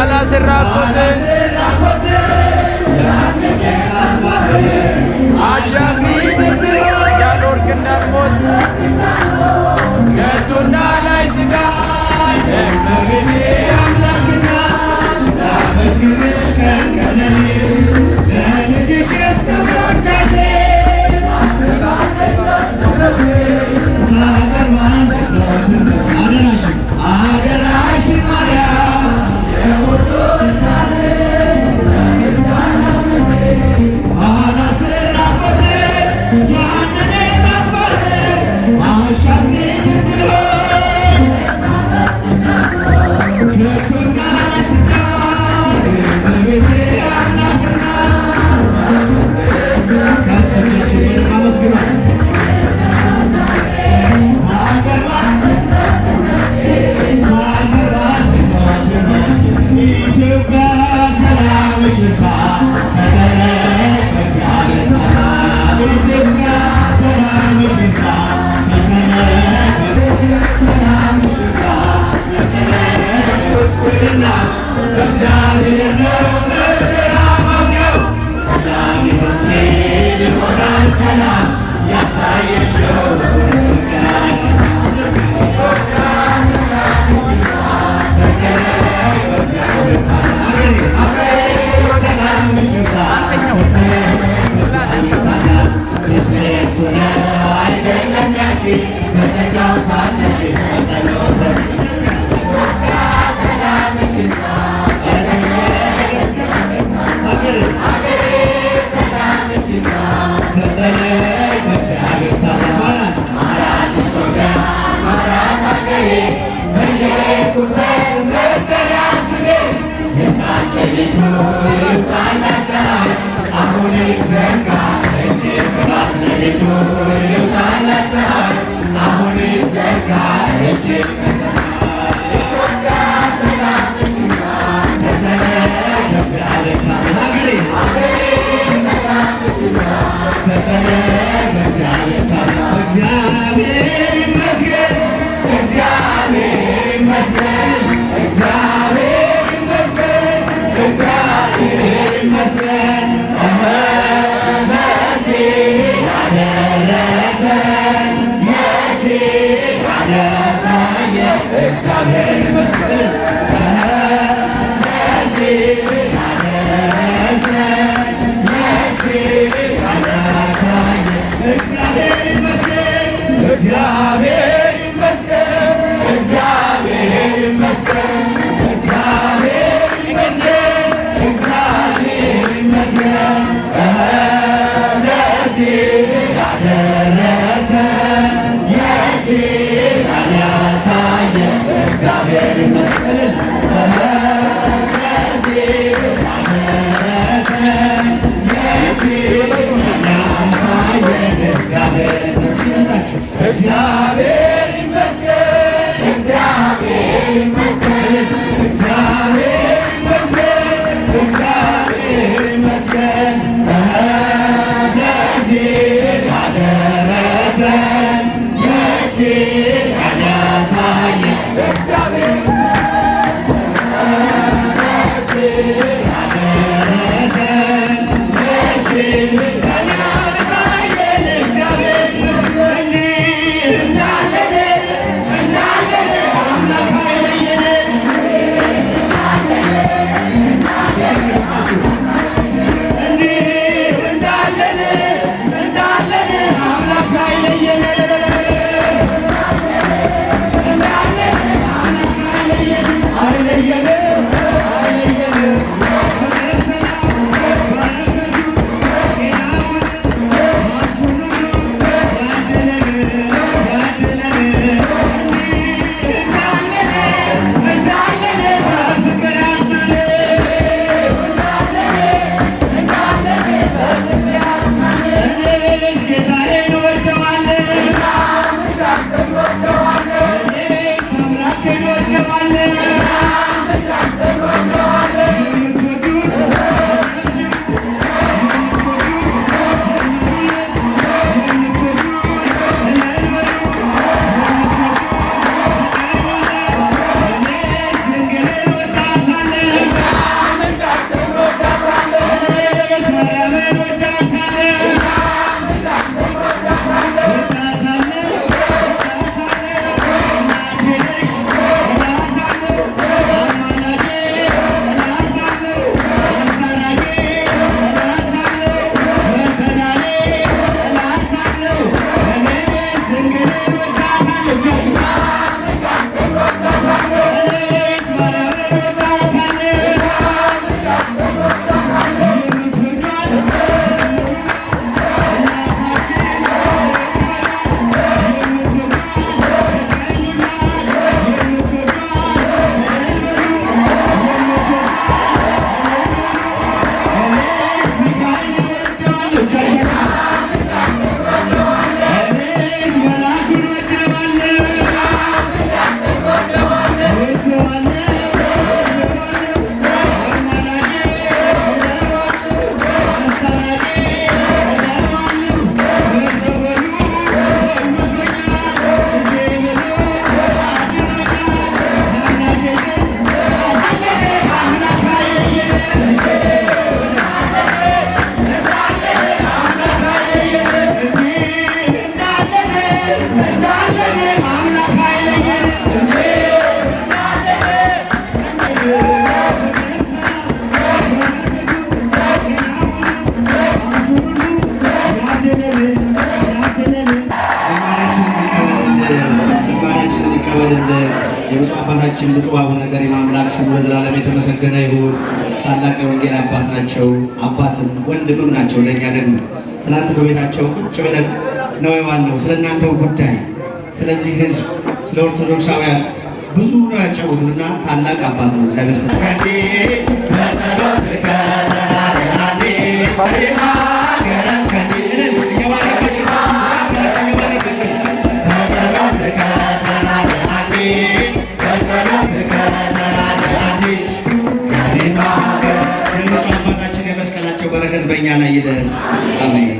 ባላስራቆትን በጸጋው ያሳየ እግዚአብሔር ይመስገን። እግዚአብሔር ይመስገን። እግዚአብሔር ይመስገን It's አባታችን ብፁዕ አቡነ ገሪማ አምላክ ስሙ ለዘላለም የተመሰገነ ይሁን። ታላቅ የወንጌል አባት ናቸው። አባትም ወንድምም ናቸው ለእኛ ደግሞ። ትናንት በቤታቸው ቁጭ ብለን ነው የዋልነው ስለ እናንተው ጉዳይ፣ ስለዚህ ህዝብ፣ ስለ ኦርቶዶክሳውያን ብዙ ነው ያጫወቱንና ታላቅ አባት ነው እግዚአብሔር በረከት በእኛ ላይ ይደህል። አሜን።